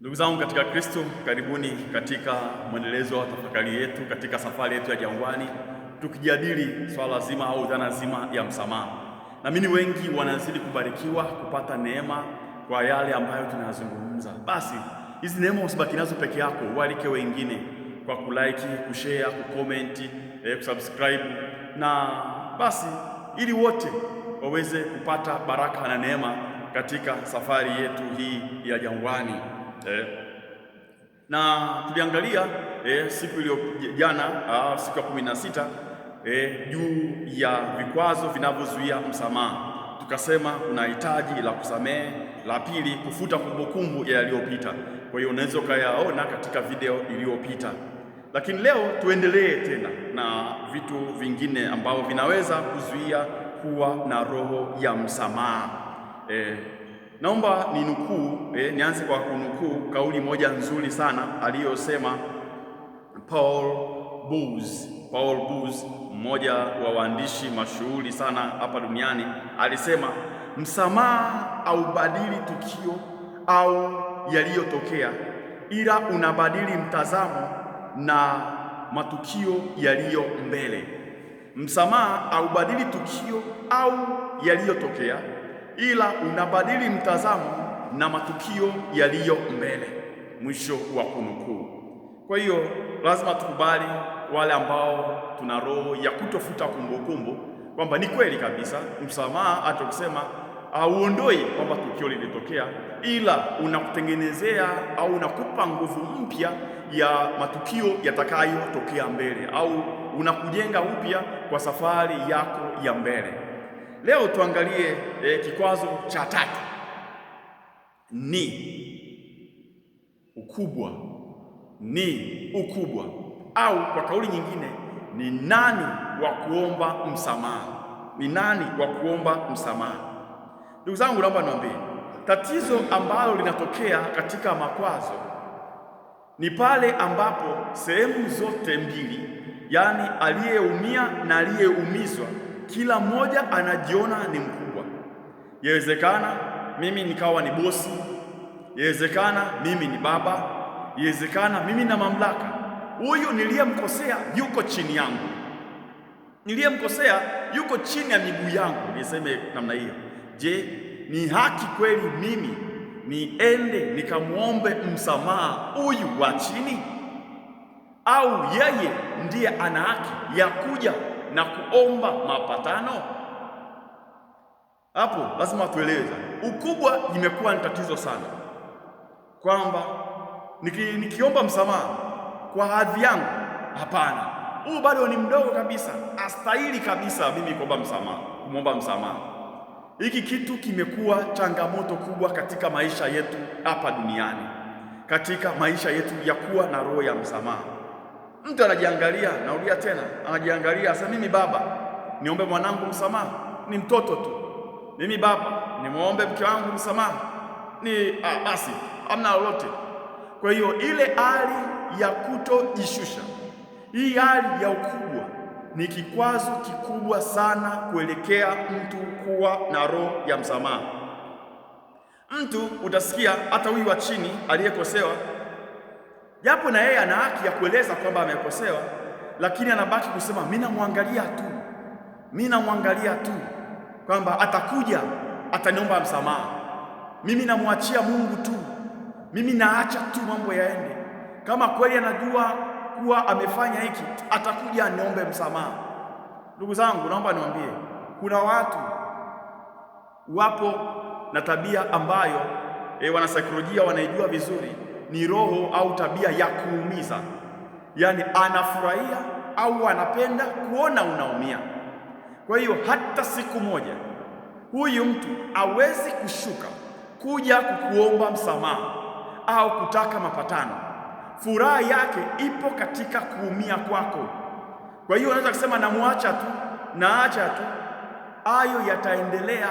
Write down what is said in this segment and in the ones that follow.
Ndugu zangu katika Kristo, karibuni katika mwendelezo wa tafakari yetu katika safari yetu ya jangwani, tukijadili swala zima au dhana zima ya msamaha. Naamini wengi wanazidi kubarikiwa kupata neema kwa yale ambayo tunayazungumza. Basi hizi neema usibaki nazo peke yako, walike wengine kwa kulike, kushare, kukomenti, eh, kusubscribe na basi, ili wote waweze kupata baraka na neema katika safari yetu hii ya jangwani eh, na tuliangalia eh, siku iliyo jana ah, siku ya kumi na sita eh, juu ya vikwazo vinavyozuia msamaha. Tukasema kuna hitaji la kusamehe, la pili kufuta kumbukumbu yaliyopita. Kwa hiyo unaweza ukayaona katika video iliyopita, lakini leo tuendelee tena na vitu vingine ambavyo vinaweza kuzuia kuwa na roho ya msamaha eh, Naomba ni nukuu eh, nianze kwa kunukuu kauli moja nzuri sana aliyosema Paul Booz. Paul Booz, mmoja wa waandishi mashuhuri sana hapa duniani, alisema msamaha haubadili tukio au yaliyotokea, ila unabadili mtazamo na matukio yaliyo mbele. Msamaha haubadili tukio au yaliyotokea ila unabadili mtazamo na matukio yaliyo mbele. Mwisho wa kunukuu. Kwa hiyo lazima tukubali wale ambao tuna roho ya kutofuta kumbukumbu kwamba ni kweli kabisa msamaha hata kusema hauondoi kwamba tukio lilitokea, ila unakutengenezea au unakupa nguvu mpya ya matukio yatakayotokea mbele, au unakujenga upya kwa safari yako ya mbele. Leo tuangalie eh, kikwazo cha tatu ni ukubwa, ni ukubwa, au kwa kauli nyingine ni nani wa kuomba msamaha, ni nani wa kuomba msamaha. Ndugu zangu, naomba niwaambie tatizo ambalo linatokea katika makwazo ni pale ambapo sehemu zote mbili, yaani aliyeumia na aliyeumizwa kila mmoja anajiona ni mkubwa. Yawezekana mimi nikawa ni bosi, yawezekana mimi ni baba, yawezekana mimi na mamlaka. Huyu niliyemkosea yuko chini yangu, niliyemkosea yuko chini ya miguu yangu, niseme namna hiyo. Je, ni haki kweli mimi niende nikamwombe msamaha huyu wa chini, au yeye ndiye ana haki ya kuja na kuomba mapatano? Hapo lazima tueleze, ukubwa imekuwa ni tatizo sana, kwamba niki, nikiomba msamaha kwa hadhi yangu, hapana, huyu bado ni mdogo kabisa, astahili kabisa mimi kuomba msamaha, kumwomba msamaha. Hiki kitu kimekuwa changamoto kubwa katika maisha yetu hapa duniani, katika maisha yetu ya kuwa na roho ya msamaha. Mtu anajiangalia, naulia tena, anajiangalia sasa. Mimi baba niombe mwanangu msamaha, ni mtoto tu. Mimi baba nimwombe mke wangu msamaha, ni ah, basi amna lolote. Kwa hiyo ile hali ya kutojishusha, hii hali ya ukubwa ni kikwazo kikubwa sana kuelekea mtu kuwa na roho ya msamaha. Mtu utasikia hata huyu wa chini aliyekosewa japo na yeye ana haki ya kueleza kwamba amekosewa, lakini anabaki kusema mimi namwangalia tu, mimi namwangalia tu kwamba atakuja ataniomba msamaha, mimi namwachia Mungu tu, mimi naacha tu mambo yaende. Kama kweli anajua kuwa amefanya hiki, atakuja aniombe msamaha. Ndugu zangu, naomba niwaambie, kuna watu wapo na tabia ambayo e, wanasaikolojia wanaijua vizuri ni roho au tabia ya kuumiza, yaani anafurahia au anapenda kuona unaumia. Kwa hiyo hata siku moja huyu mtu awezi kushuka kuja kukuomba msamaha au kutaka mapatano. Furaha yake ipo katika kuumia kwako. Kwa hiyo unaweza kusema namwacha tu, naacha tu, hayo yataendelea,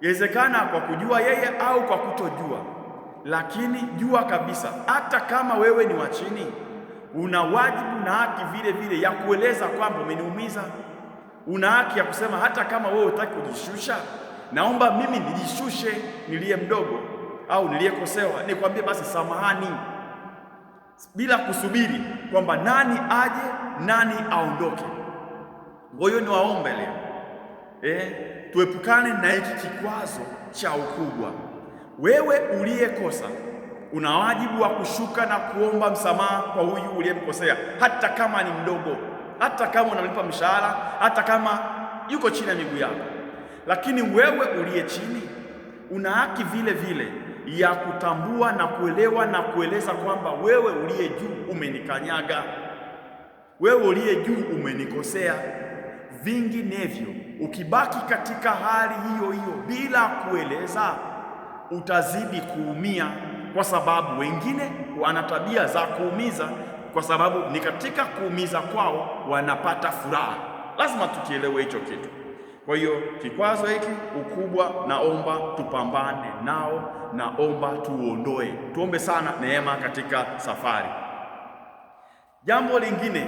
yawezekana kwa kujua yeye au kwa kutojua. Lakini jua kabisa, hata kama wewe ni wa chini, una wajibu na haki vile vile ya kueleza kwamba umeniumiza. Una haki ya kusema, hata kama wewe hutaki kujishusha, naomba mimi nijishushe, niliye mdogo au niliyekosewa, nikwambie basi samahani, bila kusubiri kwamba nani aje nani aondoke. Kwa hiyo niwaombe leo eh, tuepukane na hiki kikwazo cha ukubwa. Wewe uliyekosa una wajibu wa kushuka na kuomba msamaha kwa huyu uliyemkosea, hata kama ni mdogo, hata kama unamlipa mshahara, hata kama yuko chini ya miguu yako. Lakini wewe uliye chini una haki vile vile ya kutambua na kuelewa na kueleza kwamba wewe uliye juu umenikanyaga, wewe uliye juu umenikosea. Vinginevyo ukibaki katika hali hiyo hiyo bila kueleza utazidi kuumia, kwa sababu wengine wana tabia za kuumiza, kwa sababu ni katika kuumiza kwao wanapata furaha. Lazima tukielewe hicho kitu. Kwa hiyo kikwazo hiki ukubwa, naomba tupambane nao, naomba tuondoe, tuombe sana neema katika safari. Jambo lingine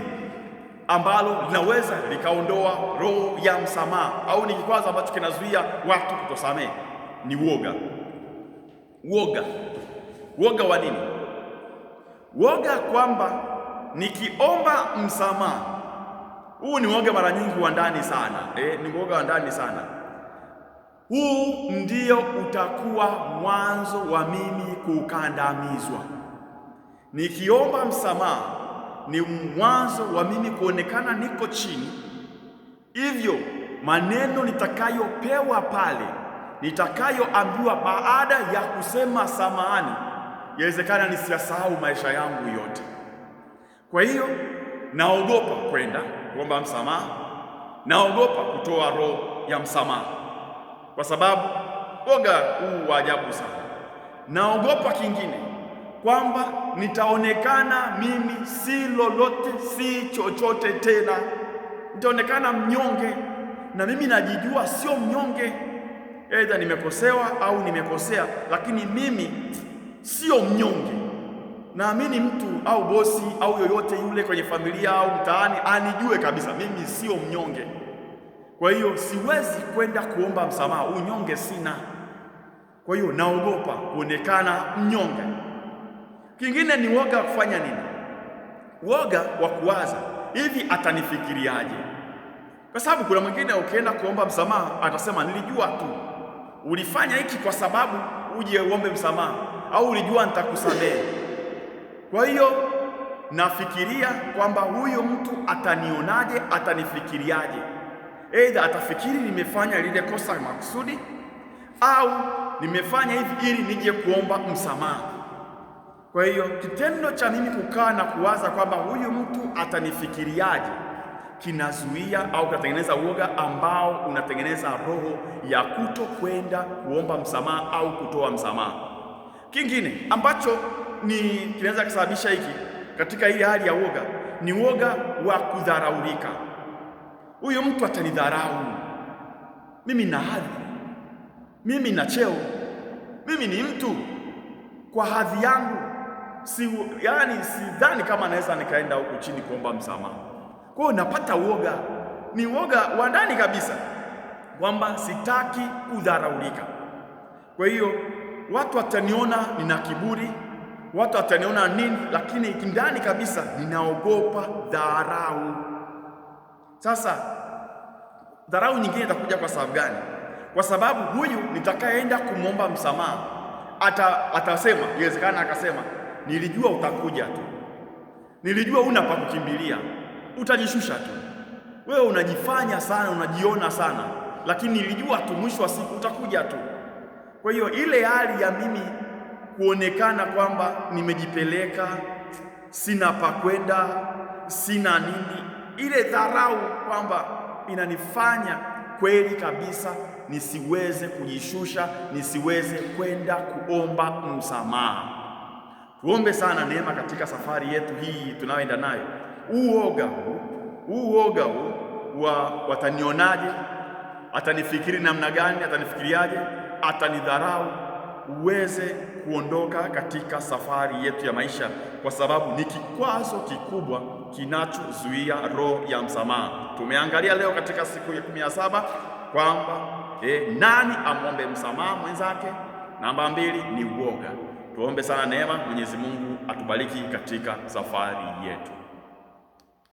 ambalo linaweza likaondoa roho ya msamaha au ni kikwazo ambacho kinazuia watu kutosamehe ni woga. Woga. Woga wa nini? Woga kwamba nikiomba msamaha, huu ni woga mara nyingi wa ndani sana eh, ni woga wa ndani sana. Huu ndio utakuwa mwanzo wa mimi kukandamizwa. Nikiomba msamaha ni mwanzo wa mimi kuonekana niko chini, hivyo maneno nitakayopewa pale nitakayoambiwa baada ya kusema samahani, yawezekana nisiyasahau maisha yangu yote. Kwa hiyo naogopa kwenda kuomba msamaha, naogopa kutoa roho ya msamaha kwa sababu woga huu wa ajabu sana. Naogopa kingine kwamba nitaonekana mimi si lolote, si chochote tena, nitaonekana mnyonge, na mimi najijua sio mnyonge. Aidha nimekosewa au nimekosea, lakini mimi sio mnyonge. Naamini mtu au bosi au yoyote yule kwenye familia au mtaani anijue kabisa, mimi sio mnyonge. Kwa hiyo siwezi kwenda kuomba msamaha, unyonge sina. Kwa hiyo naogopa kuonekana mnyonge. Kingine ni woga wa kufanya nini? Woga wa kuwaza hivi, atanifikiriaje? Kwa sababu kuna mwingine ukienda kuomba msamaha atasema nilijua tu ulifanya hiki kwa sababu uje uombe msamaha au ulijua nitakusamehe. Kwa hiyo nafikiria kwamba huyu mtu atanionaje, atanifikiriaje? Aidha atafikiri nimefanya lile kosa makusudi au nimefanya hivi ili nije kuomba msamaha. Kwa hiyo kitendo cha mimi kukaa na kuwaza kwamba huyu mtu atanifikiriaje kinazuia au kinatengeneza uoga ambao unatengeneza roho ya kuto kwenda kuomba msamaha au kutoa msamaha. Kingine ambacho ni kinaweza kusababisha hiki katika hii hali ya uoga ni uoga wa kudharaulika. Huyu mtu atanidharau mimi, na hadhi mimi, na cheo mimi, ni mtu kwa hadhi yangu si, yani sidhani kama naweza nikaenda huku chini kuomba msamaha. Kwa hiyo unapata uoga, ni uoga wa ndani kabisa kwamba sitaki kudharaulika. Kwa hiyo watu wataniona nina kiburi, watu wataniona nini, lakini kindani kabisa ninaogopa dharau. Sasa dharau nyingine itakuja kwa sababu gani? Kwa sababu huyu nitakayeenda kumwomba msamaha ata, atasema iwezekana akasema, nilijua utakuja tu, nilijua una pa kukimbilia utajishusha tu. Wewe unajifanya sana, unajiona sana, lakini nilijua tu, mwisho wa siku utakuja tu. Kwa hiyo ile hali ya mimi kuonekana kwamba nimejipeleka, sina pa kwenda, sina nini, ile dharau kwamba inanifanya kweli kabisa nisiweze kujishusha, nisiweze kwenda kuomba msamaha. Tuombe sana neema katika safari yetu hii tunayoenda nayo uoga huu uoga huu wa watanionaje, atanifikiri namna gani, atanifikiriaje, atanidharau, uweze kuondoka katika safari yetu ya maisha, kwa sababu ni kikwazo kikubwa kinachozuia roho ya msamaha. Tumeangalia leo katika siku ya kumi na saba kwamba eh, nani amwombe msamaha mwenzake? Namba mbili ni uoga. Tuombe sana neema. Mwenyezi Mungu atubariki katika safari yetu.